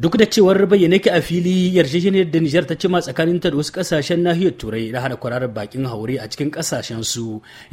duk da cewar bayyana ki a fili yarjejeniyar da Nijar ta cima tsakaninta da wasu kasashen nahiyar turai na hana kwararar bakin haure a cikin kasashen su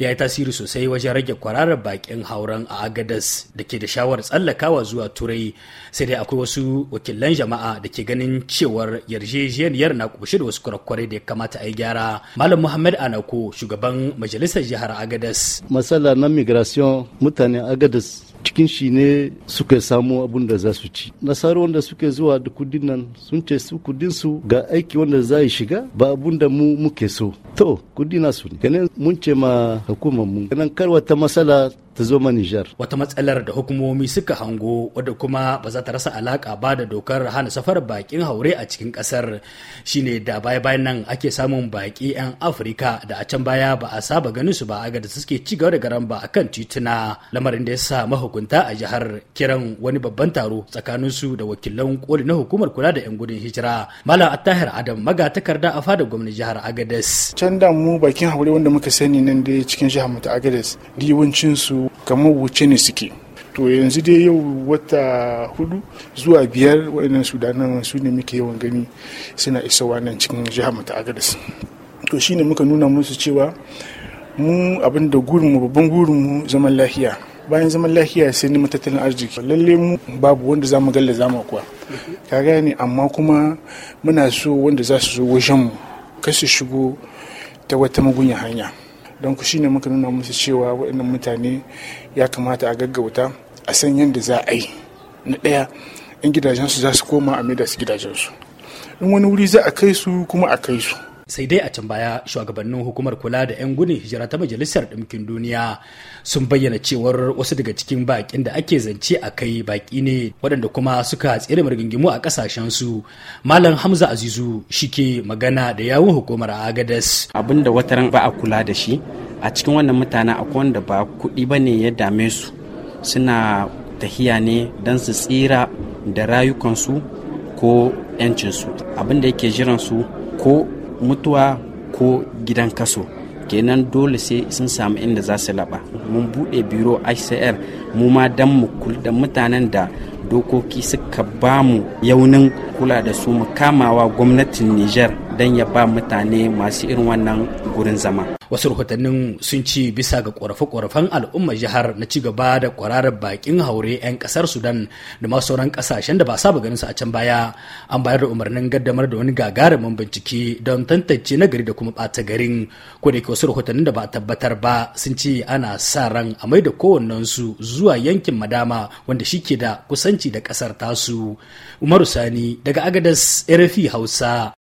ya yi tasiri sosai wajen rage kwararar bakin hauren a agadas da ke da shawar tsallakawa zuwa turai sai dai akwai wasu wakilan jama'a da ke ganin cewar yarjejeniyar na kushe da wasu kurakurai da ya kamata a yi gyara malam muhammad anako shugaban majalisar jihar agadas matsala na migration mutanen agadas cikin shi ne suka samu abun da za su ci nasarar wanda suke zuwa da kudin nan sun ce su kudin su ga aiki wanda za yi shiga ba abun da mu muke so to kudi na su ne ganin mun ce ma hukumar mu ganin karwata masala ta zo ma Wata matsalar da hukumomi suka hango wadda kuma ba za ta rasa alaka ba da dokar hana safar bakin haure a cikin kasar shine da baya bayan nan ake samun baki 'yan Afirka da a can baya ba a saba ganin su ba a ga da suke ci gaba da garan ba kan tituna lamarin da ya sa mahukunta a jihar kiran wani babban taro tsakanin su da wakilan koli na hukumar kula da 'yan gudun hijira. Malam Attahir Adam magatakarda a fadar gwamnati jihar Agadez. Can da mu bakin haure wanda muka sani nan dai cikin jihar mu ta Agadez, su kamar wuce ne suke to yanzu dai yau wata hudu zuwa biyar waɗannan sudanan su ne muke yawan gani suna isowa nan cikin jihar mata ta agadas to shine muka nuna musu cewa mu abin da gurinmu babban gurinmu zaman lahiya bayan zaman lahiya sai ni matattalin arziki lalle mu babu wanda za mu galla mu kuwa ka gane amma kuma muna so wanda za su zo wajenmu mu kasu shigo ta wata magunya hanya don ku shine muka nuna musu cewa waɗannan mutane ya kamata a gaggauta a san yadda za a yi na ɗaya in gidajensu za su koma a maida su gidajensu in wani wuri za a kai su kuma a kai su sai dai a can baya shugabannin hukumar kula da 'yan gudun hijira ta majalisar ɗinkin duniya sun bayyana cewar wasu daga cikin baƙin da ake zance a kai baƙi ne waɗanda kuma suka tsere marigingimu a su malam hamza azizu shike magana da yawun hukumar agadas abin da wataran ba a kula da shi a cikin wannan mutanen akwai wanda ba kuɗi ba ne ya dame su suna tahiya ne don su tsira da rayukansu ko 'yancinsu abin da yake jiransu ko mutuwa ko gidan kaso kenan dole sai sun samu inda za su laba mun bude biro icr mu ma dan mu da mutanen da dokoki suka ba mu yaunin kula da su mu kamawa gwamnatin niger don ya ba mutane masu irin wannan gurin zama. Wasu rahotannin sun ci bisa ga ƙorafe-ƙorafen al'ummar jihar na ci gaba da kwararar bakin haure 'yan ƙasar Sudan da masu sauran ƙasashen da ba saba ganin su a can baya. An bayar da umarnin gaddamar da wani gagarumin bincike don tantance nagari da kuma ɓata garin. Ko da wasu rahotannin da ba a tabbatar ba sun ce ana sa ran a mai da kowannensu zuwa yankin Madama wanda shi ke da kusanci da ƙasar tasu. Umaru Sani daga Agadas RFI Hausa.